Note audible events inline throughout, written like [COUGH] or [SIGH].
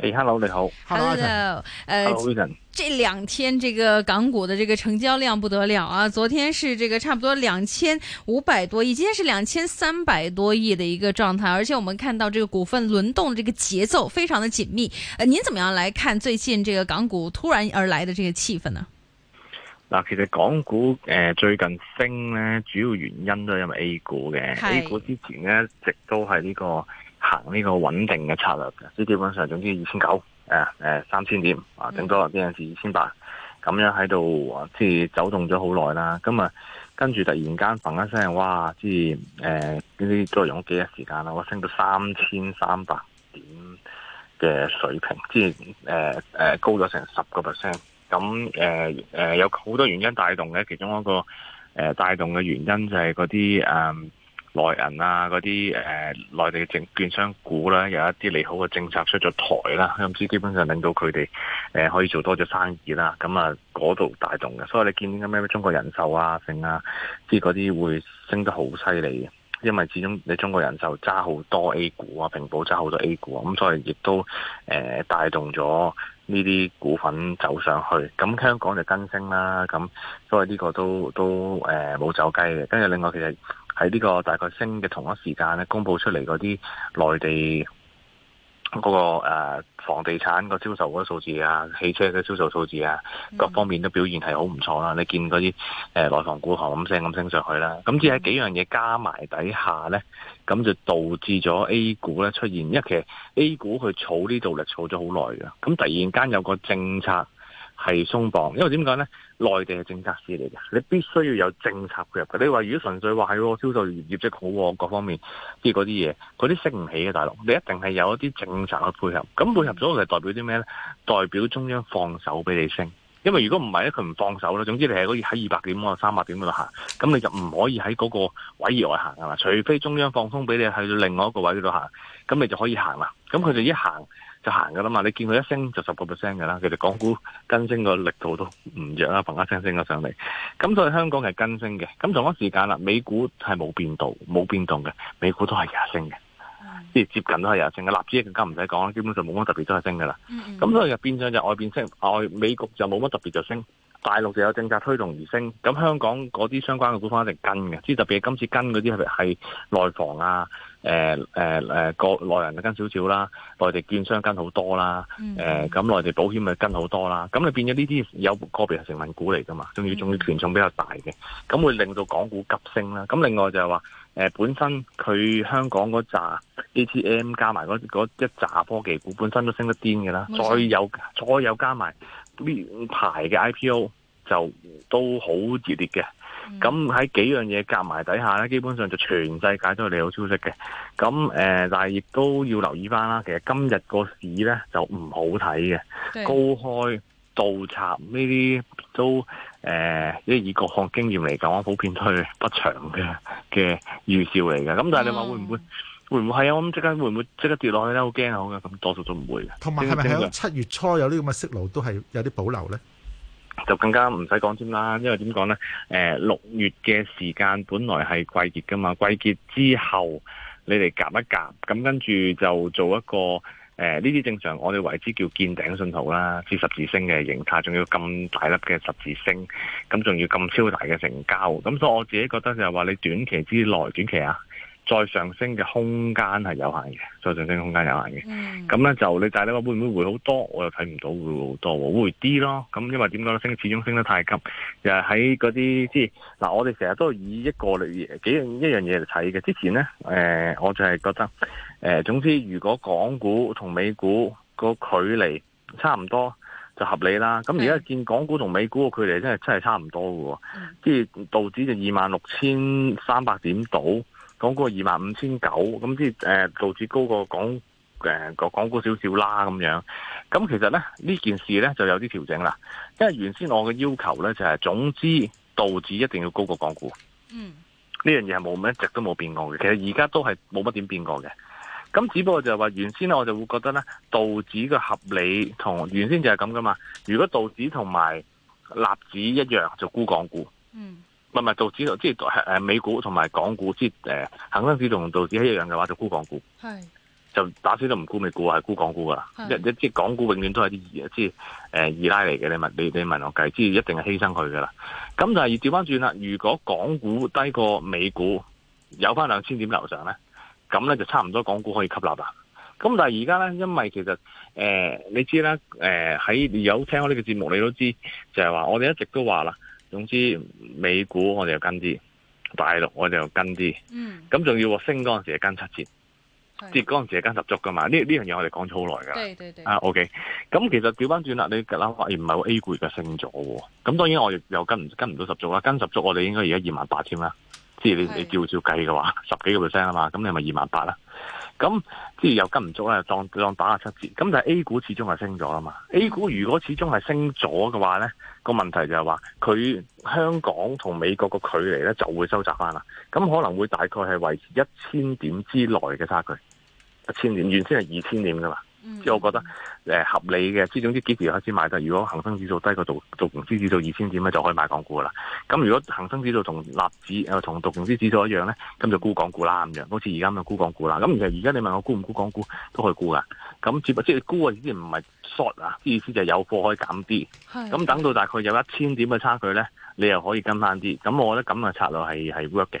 誒、hey,，hello，你好，hello，誒、uh, 呃，這兩天這個港股的這個成交量不得了啊！昨天是這個差不多兩千五百多億，今天是兩千三百多億的一個狀態，而且我們看到這個股份輪動這個節奏非常的緊密。誒、呃，您怎麼樣來看最近這個港股突然而來的這個氣氛呢？嗱，其實港股誒、呃、最近升呢，主要原因都係因為 A 股嘅，A 股之前咧一直都係呢、這個。行呢個穩定嘅策略嘅，即係基本上總之二千九，誒誒三千點，啊、mm -hmm.，整多啲有時二千八，咁樣喺度，即係走動咗好耐啦。咁啊，跟住突然間嘭一聲，哇！即係誒，呢啲作用咗幾日時間啦，我升到三千三百點嘅水平，即係誒誒高咗成十個 percent。咁誒誒有好多原因帶動嘅，其中一個誒帶動嘅原因就係嗰啲誒。呃內銀啊，嗰啲誒內地嘅證券商股啦，有一啲利好嘅政策出咗台啦，咁、嗯、之基本上令到佢哋誒可以做多咗生意啦，咁啊嗰度大動嘅，所以你見啲咩咩中國人壽啊，剩啊，即係嗰啲會升得好犀利嘅，因為始終你中國人壽揸好多 A 股啊，平保揸好多 A 股啊，咁、嗯、所以亦都誒、呃、帶動咗呢啲股份走上去，咁香港就更升啦，咁所以呢個都都誒冇、呃、走雞嘅，跟住另外其實。喺呢個大概升嘅同一時間咧，公布出嚟嗰啲內地嗰個房地產個銷售嗰個數字啊，汽車嘅銷售數字啊，各方面都表現係好唔錯啦、嗯。你見嗰啲誒內房股行咁聲咁升上去啦，咁只係幾樣嘢加埋底下咧，咁就導致咗 A 股咧出現，因為其實 A 股佢儲呢度力儲咗好耐㗎，咁突然間有個政策。係鬆綁，因為點講咧？內地係政策市嚟嘅，你必須要有政策配合嘅。你話如果純粹話喎銷售業績好啊，各方面即係嗰啲嘢，嗰啲升唔起嘅大陸，你一定係有一啲政策嘅配合。咁配合咗，就代表啲咩咧？代表中央放手俾你升。因為如果唔係咧，佢唔放手啦。總之你係可以喺二百點或者三百點度行，咁你就唔可以喺嗰個位以外行噶啦。除非中央放鬆俾你去到另外一個位度行，咁你就可以行啦。咁佢就一行。就行噶啦嘛，你見佢一升就十個 percent 噶啦，其實港股跟升個力度都唔弱啦，嘭一聲升咗上嚟。咁所以香港係跟升嘅。咁同一時間啦，美股係冇變動，冇變動嘅，美股都係廿升嘅，即係接近都係廿升嘅。納指更加唔使講啦，基本上冇乜特別都係升噶啦。咁所以入邊升就外邊升，外美國就冇乜特別就升，大陸就有政策推動而升。咁香港嗰啲相關嘅股份一定跟嘅，即係特別係今次跟嗰啲係係內房啊。誒誒誒，內內人就跟少少啦，內地券商跟好多啦，誒咁內地保險咪跟好多啦，咁你變咗呢啲有個別係成分股嚟噶嘛，仲要仲要權重比較大嘅，咁會令到港股急升啦。咁另外就係話，誒、呃、本身佢香港嗰扎 A T M 加埋嗰一紮科技股本身都升得癲嘅啦，再有再有加埋呢排嘅 I P O 就都好熱烈嘅。咁、嗯、喺幾樣嘢夾埋底下咧，基本上就全世界都係利好消息嘅。咁誒、呃，但係亦都要留意翻啦。其實今日個市咧就唔好睇嘅，高開倒插呢啲都誒，即、呃、以各項經驗嚟講，普遍都係不祥嘅嘅預兆嚟嘅。咁但係你話會唔會、嗯、會唔會係啊？我諗即刻會唔會即刻跌落去咧？好驚好嘅。咁多數都唔會嘅。同埋係咪喺七月初有呢咁嘅息怒都係有啲保留咧？就更加唔使講先啦，因為點講呢？誒、呃，六月嘅時間本來係季結噶嘛，季結之後你哋夾一夾，咁跟住就做一個誒呢啲正常，我哋為之叫見頂信號啦，至十字星嘅形態，仲要咁大粒嘅十字星，咁仲要咁超大嘅成交，咁所以我自己覺得就係話你短期之內，短期啊。再上升嘅空間係有限嘅，再上升空間有限嘅。咁、嗯、呢，就你大呢，你話會唔會回好多，我又睇唔到會好多，我會啲咯。咁因為點講呢？升始終升得太急，又喺嗰啲即係嗱，我哋成日都以一個嚟幾樣一樣嘢嚟睇嘅。之前呢，誒、呃、我就係覺得誒、呃，總之如果港股同美股個距離差唔多就合理啦。咁而家見港股同美股個距離真係真係差唔多嘅喎，即、嗯、係道指就二萬六千三百點到。講過二萬五千九，咁即係誒道指高過港誒個港股少少啦咁樣，咁其實咧呢件事咧就有啲調整啦，因為原先我嘅要求咧就係、是、總之道指一定要高過港股，嗯，呢樣嘢係冇咩一直都冇變過嘅，其實而家都係冇乜點變過嘅，咁只不過就係話原先咧我就會覺得咧道指嘅合理同原先就係咁噶嘛，如果道指同埋立指一樣就沽港股，嗯。唔係唔係道指即係誒美股同埋港股，即係誒恒生指同道指一樣嘅話，就沽港股。係就打死都唔沽美股，係沽港股噶啦。一一即係港股永遠都係啲即係誒二奶嚟嘅，你問你你問我計，即係一定係犧牲佢噶啦。咁但係調翻轉啦。如果港股低過美股，有翻兩千點樓上咧，咁咧就差唔多港股可以吸納啦。咁但係而家咧，因為其實誒、呃、你知啦，誒喺有聽我呢個節目，你都知就係話我哋一直都話啦。總之美股我哋又跟啲，大陸我哋又跟啲，咁、嗯、仲要升嗰陣時係跟七折，跌嗰陣時係跟十足噶嘛？呢呢樣嘢我哋講咗好耐噶啦。啊，OK，咁其實調翻轉啦，你突然間發現唔係好 A 股而家升咗，咁當然我哋又跟唔跟唔到十足啦，跟十足我哋應該而家二萬八添啦，即係你你照照計嘅話，十幾個 percent 啊嘛，咁你係咪二萬八啦？咁即係又跟唔足咧，當當打下七折。咁但係 A 股始終係升咗啊嘛。A 股如果始終係升咗嘅話呢，個問題就係話佢香港同美國個距離呢就會收窄翻啦。咁可能會大概係維持一千點之內嘅差距，一千點原先係二千點噶嘛。即、嗯、係我覺得誒、呃、合理嘅，即總之幾時開始買就如果恒生指數低過道道瓊斯指數二千點咧，就可以買港股噶啦。咁如果恒生指數同納指誒同道瓊斯指數一樣咧，咁就沽港股啦咁樣，好似而家咁啊沽港股啦。咁其實而家你問我沽唔沽港股都可以沽噶。咁只即係沽啊，已經唔係 short 啊，意思就係有貨可以減啲。咁等到大概有一千點嘅差距咧，你又可以跟翻啲。咁我覺得咁嘅策略係係 work 嘅。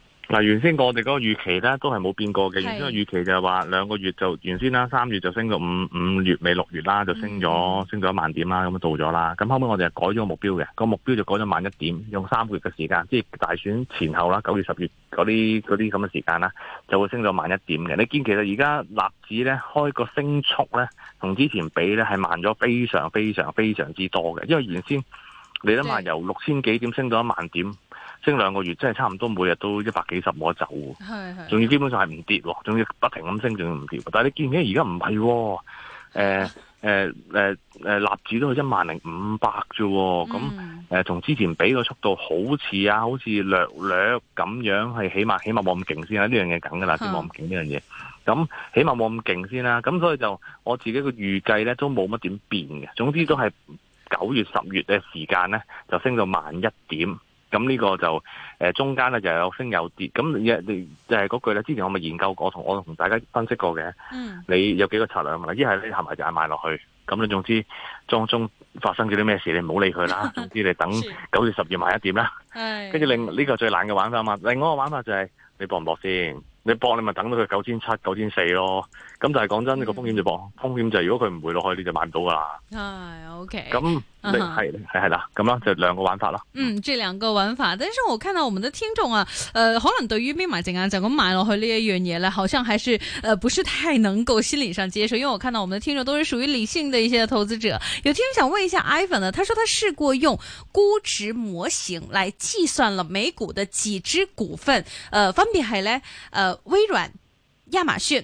嗱，原先我哋嗰個預期咧，都係冇變過嘅。原先個預期就係話兩個月就原先啦，三月就升到五五月尾六月啦，就升咗、mm -hmm. 升咗一萬點啦，咁樣到咗啦。咁後尾我哋改咗個目標嘅，個目標就改咗萬一點，用三個月嘅時間，即係大選前後啦，九月十月嗰啲嗰啲咁嘅時間啦，就會升到萬一點嘅。你見其實而家納指咧開個升速咧，同之前比咧係慢咗非常非常非常之多嘅，因為原先你諗下由六千幾點升到一萬點。升兩個月，真係差唔多每日都一百幾十冇得走，仲要基本上係唔跌喎，仲要不停咁升，仲要唔跌。但係你見唔見？呃呃呃、10, 而家唔係，誒誒誒誒，納指都一萬零五百啫。咁誒，從之前比個速度好，好似啊，好似略略咁樣，係起碼起碼冇咁勁先啦。呢樣嘢梗噶啦，先冇咁勁呢樣嘢。咁起碼冇咁勁先啦。咁所以就我自己嘅預計咧，都冇乜點變嘅。總之都係九月十月嘅時間咧，就升到萬一點。咁呢個就中間咧就有升有跌，咁你就係、是、嗰句咧，之前我咪研究過，同我同大家分析過嘅、嗯，你有幾個策略嘛？一係你就買下埋就賣落去，咁你總之中中發生咗啲咩事，你唔好理佢啦。 [LAUGHS] 總之你等九月十月埋一點啦。跟住另呢個最懶嘅玩法嘛，另外個玩法就係你搏唔搏先？你搏，你咪等到佢九千七、九千四咯。咁就係講真，個風險就搏，風險就係、是、如果佢唔會落去，你就買唔到㗎啦。係、哎、，OK。咁。係係係啦，咁、uh、咯 -huh. 就兩個玩法咯。嗯，這兩個玩法，但是我看到我們的聽眾啊，呃可能對於瞇埋眼就咁買落去呢一樣嘢咧，好像還是呃不是太能夠心理上接受。因為我看到我們的聽眾都是屬於理性的一些投資者，有聽眾想問一下 Ivan 呢，他說他試過用估值模型來計算了美股的幾支股份，呃分別係咧，呃微軟、亞馬遜。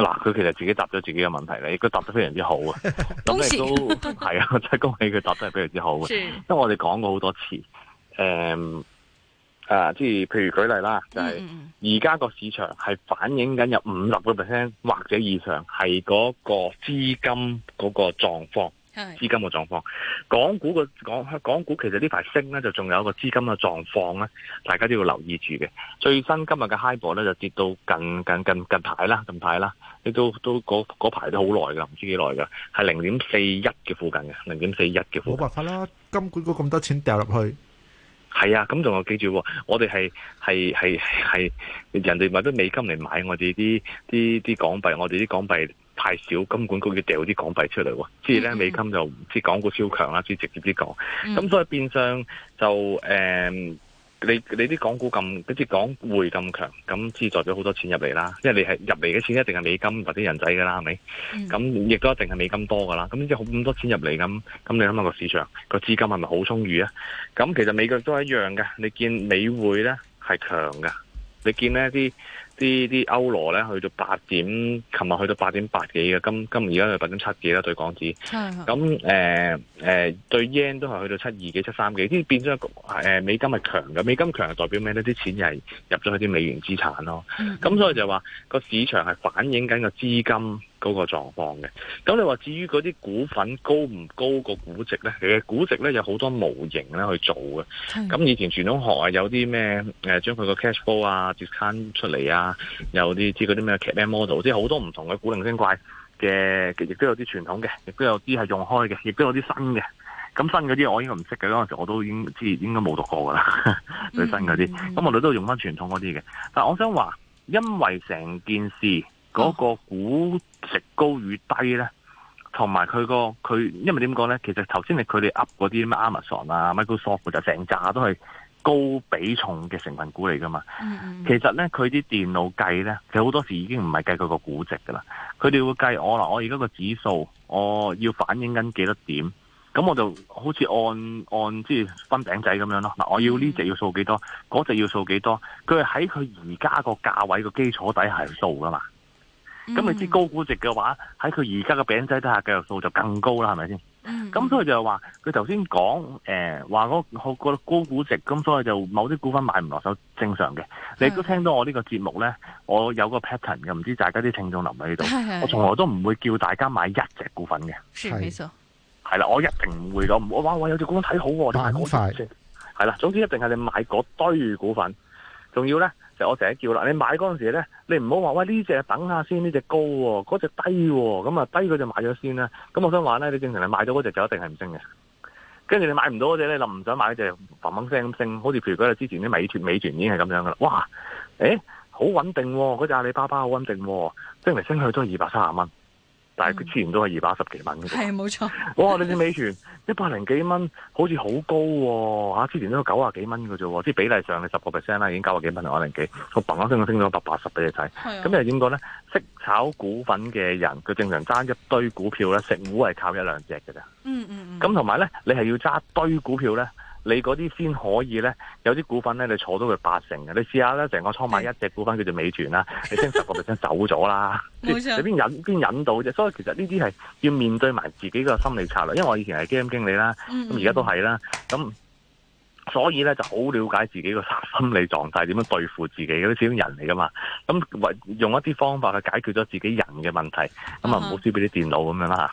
嗱、啊，佢其實自己答咗自己嘅問題咧，佢答得非常之好啊！咁 [LAUGHS] 亦都係 [LAUGHS] 啊，真係恭喜佢答得係非常之好啊！因為 [LAUGHS] 我哋講過好多次，誒、嗯，啊，即係譬如舉例啦，就係而家個市場係反映緊有五十個 percent 或者以上係嗰個資金嗰個狀況。資金嘅狀況，港股嘅港港股其實呢排升咧，就仲有一個資金嘅狀況咧，大家都要留意住嘅。最新今日嘅 HIBOR 咧就跌到近近近近排啦，近排啦，亦都都嗰嗰排都好耐噶，唔知幾耐噶，係零點四一嘅附近嘅，零點四一嘅附近。冇辦法啦，金管局咁多錢掉入去。係啊，咁仲有。記住，我哋係係係係人哋買咗美金嚟買我哋啲啲啲港幣，我哋啲港幣太少，金管局要掉啲港幣出嚟，即係咧美金就唔知，mm -hmm. 港股超強啦，即係直接啲講，咁所以變相就誒。Mm -hmm. 嗯你你啲港股咁嗰啲港匯咁強，咁資助咗好多錢入嚟啦，因為你係入嚟嘅錢一定係美金或者人仔噶啦，係咪？咁亦都一定係美金多噶啦，咁即係好咁多錢入嚟咁，咁你諗下個市場個資金係咪好充裕啊？咁其實美國都係一樣嘅，你見美匯咧係強㗎，你見咧啲。啲啲歐羅咧去到八點，琴日去到八點八幾嘅，今今而家去到八點七幾啦，對港紙。咁誒誒，對 yen 都係去到七二幾、七三幾，即係變咗誒、呃、美金係強嘅，美金強係代表咩咧？啲錢係入咗去啲美元資產咯。咁所以就話個市場係反映緊個資金。嗰個狀況嘅，咁你話至於嗰啲股份高唔高個估值咧？其實估值咧有好多模型咧去做嘅。咁以前傳統學有啊有啲咩將佢個 cash flow 啊 discount 出嚟啊，有啲知嗰啲咩 CAPM model，即係好多唔同嘅古靈精怪嘅，亦都有啲傳統嘅，亦都有啲係用開嘅，亦都有啲新嘅。咁新嗰啲我應該唔識嘅，嗰陣時我都已經知應該冇讀過噶啦。最新嗰啲，咁、嗯嗯、我哋都用翻傳統嗰啲嘅。但我想話，因為成件事。嗰、那個估值高與低咧，同埋佢個佢，因為點講咧？其實頭先你佢哋 up 嗰啲咩 Amazon 啊、Microsoft 就成扎都係高比重嘅成分股嚟噶嘛，嗯嗯。其實咧，佢啲電腦計咧，其實好多時已經唔係計佢個估值噶啦。佢哋會計我，嗱，我而家個指數，我要反映緊幾多點？咁我就好似按按即係分餅仔咁樣咯。嗱，我要呢隻要數幾多，嗰隻要數幾多？佢係喺佢而家個價位個基礎底下數噶嘛。咁、嗯、你知高估值嘅話，喺佢而家嘅餅仔底下嘅數就更高啦，係咪先？咁、嗯、所以就係話，佢頭先講，誒、呃，話覺得高估值，咁所以就某啲股份買唔落手，正常嘅。你都聽到我呢個節目咧，我有個 pattern 又唔知大家啲聽眾留唔留喺呢度，是是是是我從來都唔會叫大家買一隻股份嘅，係，冇錯。係啦，我一定唔會講，我話我有隻股份睇好，我買好快，係啦，總之一定係你買嗰堆股份，仲要咧。我成日叫啦，你買嗰陣時咧，你唔好話喂呢隻等下先，呢隻高，嗰隻低，咁啊低嗰隻買咗先啦。咁我想話咧，你正常你買咗嗰隻就一定係唔升嘅。跟住你買唔到嗰隻咧，就唔想買嗰隻，嘭嘭聲咁升，好似譬如嗰日之前啲美團、美團已經係咁樣噶啦。哇，誒，好穩定喎，嗰隻阿里巴巴好穩定喎，升嚟升去都二百三十蚊。但係佢之前都係二百十幾蚊嘅啫，係冇錯。哇！你哋美團一百零幾蚊， [LAUGHS] 好似好高喎嚇！之前都九啊幾蚊嘅啫，即係比例上係十個 percent 啦，已經九啊幾蚊同一百零幾，佢砰一聲升咗百八十俾你睇。咁又點講咧？識炒股份嘅人，佢正常揸一堆股票咧，成股係靠一兩隻嘅咋。嗯嗯，咁同埋咧，你係要揸堆股票咧。嗯你嗰啲先可以咧，有啲股份咧，你坐到佢八成嘅，你試下咧，成個倉買一隻股份叫做美團 [LAUGHS] 啦，你升十個 percent 走咗啦，你邊引邊引到啫，所以其實呢啲係要面對埋自己個心理策略，因為我以前係基金經理啦，咁而家都係啦，咁所以咧就好了解自己個心理狀態，點樣對付自己嗰啲咁人嚟噶嘛，咁用一啲方法去解決咗自己人嘅問題，咁啊唔好輸俾啲電腦咁樣啦。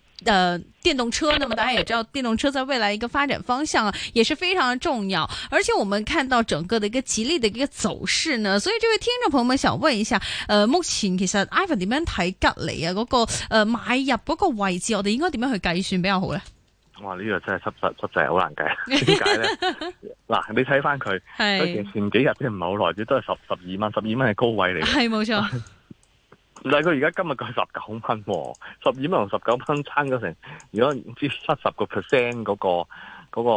誒、呃，電動車，那麼大家也知道電動車在未來一個發展方向啊，也是非常重要。而且我們看到整個的一個吉利的一個走勢呢，所以這位聽眾朋友們想問一下，呃，目前其實 Ivan 點樣睇吉利啊？嗰個誒買入嗰個位置，我哋應該點樣去計算比較好呢？哇，呢、這個真係濕滯濕滯，好難計。點解呢？嗱， [LAUGHS] 你睇翻佢最近前幾日即係唔係好耐，只都係十十二蚊，十二蚊係高位嚟，係冇錯。 [LAUGHS] 但係佢而家今日佢十九蚊，十二蚊同十九蚊差咗成，如果唔知七十個 percent 嗰個。嗰、那個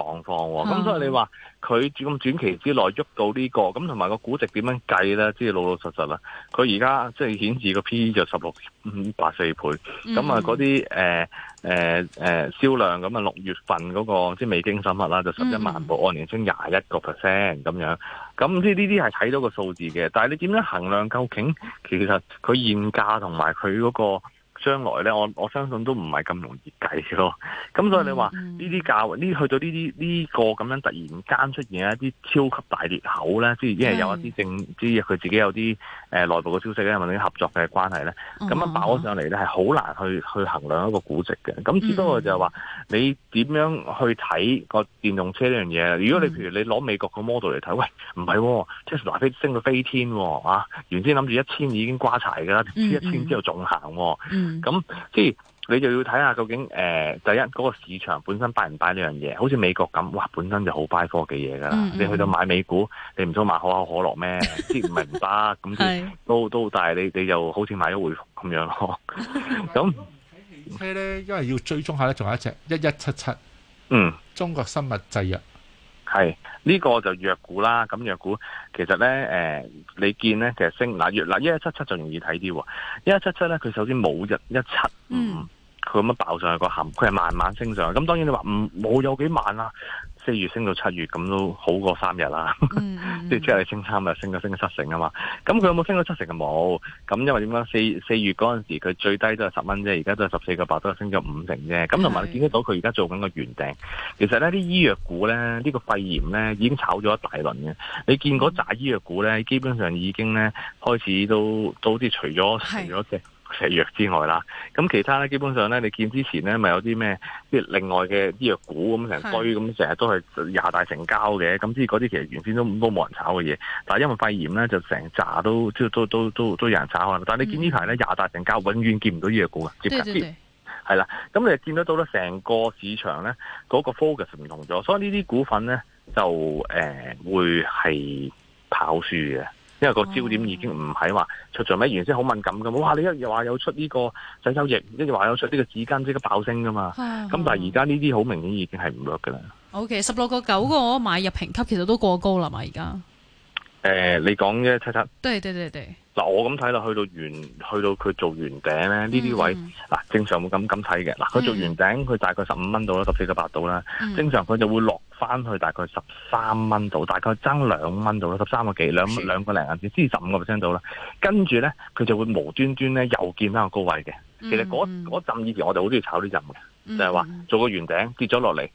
狀況喎，咁所以你話佢咁短期之內喐到呢、這個，咁同埋個估值點樣計咧？即係老老實實啦。佢而家即係顯示個 P/E 就十六五八四倍，咁啊嗰啲誒誒誒銷量咁啊六月份嗰、那個即係未經審核啦，就十一萬部，按、嗯、年升廿一個 percent 咁樣。咁即係呢啲係睇到個數字嘅，但係你點樣衡量究竟？其實佢現價同埋佢嗰個。將來咧，我我相信都唔係咁容易計咯。咁所以你話呢啲價，呢、mm -hmm. 去到呢啲呢個咁樣突然間出現一啲超級大裂口咧、mm -hmm.，即係因為有一啲政，即係佢自己有啲誒內部嘅消息咧，或者合作嘅關係咧，咁、mm -hmm. 樣爆咗上嚟咧，係好難去去衡量一個估值嘅。咁只不過就係話、mm -hmm. 你點樣去睇個電動車呢樣嘢？如果你、mm -hmm. 譬如你攞美國個 model 嚟睇，喂，唔係即係飛升到飛天喎、哦，啊，原先諗住一千已經瓜柴㗎喇，千一千之後仲行喎、哦。Mm -hmm. 嗯咁即係你就要睇下究竟誒、呃，第一嗰、那個市場本身 buy 唔 buy 呢樣嘢，好似美國咁，哇，本身就好 buy 科嘅嘢㗎啦。你去到買美股，你唔想買可口可樂咩？即係唔係唔得咁？都都，但係你你又好似買咗回覆咁樣咯。咁 [LAUGHS] 汽車咧，因為要追蹤下咧，仲有一隻一一七七，1177，嗯，中國生物製藥。係呢、這個就弱股啦，咁弱股其實咧，誒、呃，你見咧其實升嗱弱嗱一七七就容易睇啲，一七七咧佢首先冇日一,一七，嗯，佢、嗯、咁樣爆上去個函，佢係慢慢升上去，咁當然你話唔冇有幾慢啊？四月升到七月咁都好過三日啦， [LAUGHS] mm -hmm. 即係即係你升三日，升咗升咗七成啊嘛。咁佢有冇升到七成啊？冇。咁因為點解？四四月嗰陣時佢最低都係十蚊啫，而家都係十四個八，都係升咗五成啫。咁同埋你見得到佢而家做緊個圓頂。其實呢啲醫藥股呢，呢、呢個肺炎呢已經炒咗一大輪嘅。你見嗰紮醫藥股呢，基本上已經呢開始都都好似除咗除咗嘅。石藥之外啦，咁其他咧基本上咧，你見之前咧咪有啲咩，即係另外嘅醫藥股咁成堆，咁成日都係廿大成交嘅，咁即係嗰啲其實原先都都冇人炒嘅嘢，但係因為肺炎咧就成扎都都都都都有人炒啊，但係你見呢排咧廿大成交永遠見唔到醫藥股接近，係啦，咁你見得到咧，成個市場咧嗰、嗰個 focus 唔同咗，所以呢啲股份咧就誒、呃、會係跑輸嘅。因為個焦點已經唔喺話出咗咩原先好敏感噶，哇！你一日話有出呢個洗手液，一日話有出呢個紙巾，即刻爆升噶嘛。咁 [LAUGHS] 但係而家呢啲好明顯已經係唔弱噶啦。OK，十六個九個買入評級其實都過高啦嘛，而家。誒、呃，你講嘅七七，對對對，嗱我咁睇啦，去到圓，去到佢做圓頂咧，呢啲位，嗱、嗯、正常會咁咁睇嘅，嗱佢做圓頂，佢大概十五蚊度啦，十四十八度啦，正常佢就會落翻去大概十三蚊度，大概增兩蚊度啦，十三個幾兩兩個零銀甚至十五個 percent 度啦，跟住咧佢就會無端端咧又見翻個高位嘅，其實嗰嗰、嗯、陣以前我哋好中意炒呢陣嘅。就係、是、話做個圓頂跌咗落嚟，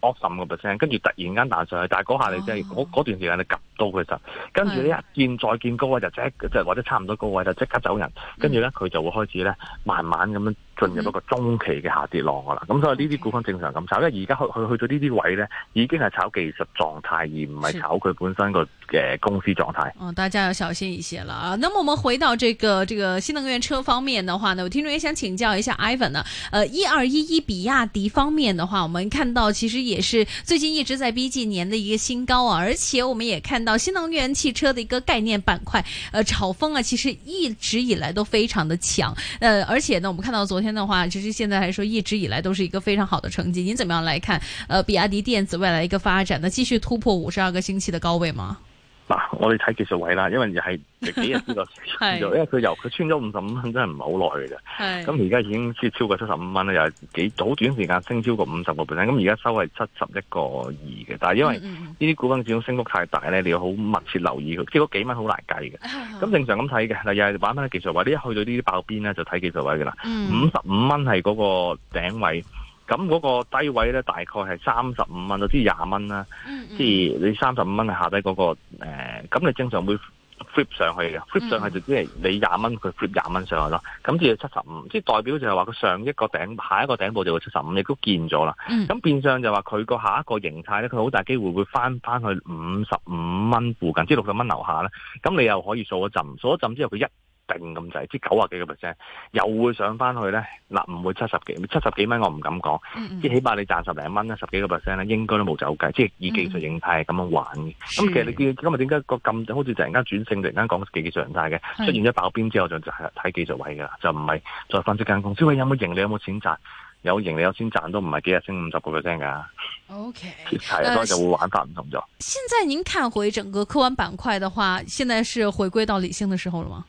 惡十五個 percent，跟住突然間彈上去，但嗰下你真係嗰段時間你 𥄫 到佢實，跟住你一見再見高位就即即係或者差唔多高位就即刻走人，跟住咧佢就會開始咧慢慢咁樣。進入一個中期嘅下跌浪噶啦，咁、嗯、所以呢啲股份正常咁炒，因為而家去去去到呢啲位呢，已經係炒技術狀態，而唔係炒佢本身個嘅公司狀態。哦、呃，大家要小心一些啦啊！那啊，我們回到這個這個新能源車方面嘅話呢，我聽眾也想請教一下 Ivan 呢、啊。誒、呃，一二一一比亞迪方面嘅話，我們看到其實也是最近一直在逼近年嘅一個新高啊，而且我們也看到新能源汽車嘅一個概念板塊，誒、呃，炒風啊，其實一直以來都非常的強，誒、呃，而且呢，我們看到昨天，的話，其實現在來說一直以來都是一個非常好的成績。你怎麼樣來看？呃，比亞迪電子未來一個發展，能繼續突破五十二個星期的高位嗎？嗱、啊，我哋睇技術位啦，因為又係幾日先個，因為佢由佢穿咗五十五蚊，真係唔係好耐嘅。咁而家已經超超過七十五蚊啦，又係幾好短時間升超過五十個 percent。咁而家收係七十一個二嘅，但係因為呢啲股份始終升幅太大咧，你要好密切留意佢，即係幾蚊好難計嘅。咁、 [LAUGHS] 嗯、正常咁睇嘅，又係係玩翻啲技術位，你一去到呢啲爆邊咧，就睇技術位嘅啦。五十五蚊係嗰個頂位。咁嗰個低位咧，大概係三十五蚊，甚至廿蚊啦。即、嗯、係、就是、你三十五蚊係下低嗰、那個咁、呃、你正常會 flip 上去嘅、嗯。flip 上去就即係你廿蚊，佢 flip 廿蚊上去啦。咁至七十五，75，即係代表就係話佢上一個頂，下一個頂部就會七十五，亦都見咗啦。咁、嗯、變相就話佢個下一個形態咧，佢好大機會會翻翻去五十五蚊附近，即六十蚊樓下呢。咁你又可以數一陣，數一陣之後佢一。定咁滯，即係九啊幾個 percent 又會上翻去咧。嗱，唔會七十幾，七十幾蚊我唔敢講。即、嗯、係、嗯、起碼你賺十零蚊啦，十幾個 percent 咧，應該都冇走雞。即係以技術形態咁樣玩嘅。咁其實你見今日點解個咁好似突然間轉性，突然間講技術形態嘅出現咗爆邊之後就，就就睇技術位噶，就唔係再翻出間公司喂。有冇盈利？有冇錢賺？有盈利，有錢賺都唔係幾日升五十個 percent 噶。OK，太多就會玩法唔同咗、啊。現在您看回整個科網板塊嘅話，現在是回歸到理性嘅時候了嗎？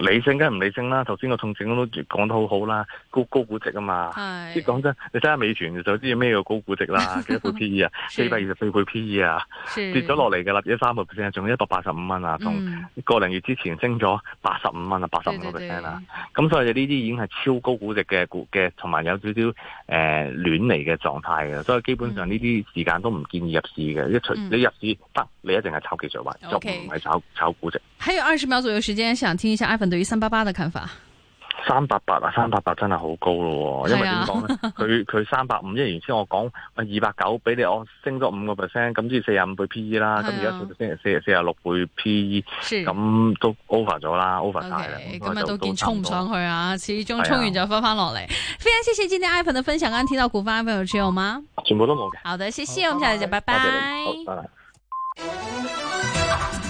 理性梗係唔理性啦，頭先我同整都講得好好啦，高高估值啊嘛，即講真的，你睇下美團就知咩叫高估值啦， [LAUGHS] 幾倍 P E 啊，四百二十四倍 P E 啊，跌咗落嚟嘅啦，而家三個 percent 仲有一百八十五蚊啊，從、嗯、個零月之前升咗八十五蚊啊，八十五個 percent 啦，咁所以呢啲已經係超高估值嘅股嘅，同埋有少少誒亂嚟嘅狀態嘅，所以基本上呢啲時間都唔建議入市嘅、嗯，一除你入市得、嗯、你一定係、okay、炒技術位，就唔係炒炒估值。還有二十秒左右時間，想聽一下對於三八八嘅看法？三八八啊，三八八真係好高咯、啊，因為點講咧？佢 [LAUGHS] 佢三百五，因為原先我講，我二百九俾你我升咗五個 percent，咁即係四十五倍 PE 啦，咁而家星期四十四十六倍 PE，咁都 over 咗啦，over 晒啦，今日都,見都衝唔上去啊，始終衝完就翻翻落嚟、啊。非常謝謝今天 iPhone 的分享，啱聽到股份艾粉有持有嗎？全部都冇嘅。好的，謝謝你，我們下一次再拜拜。謝謝 [MUSIC]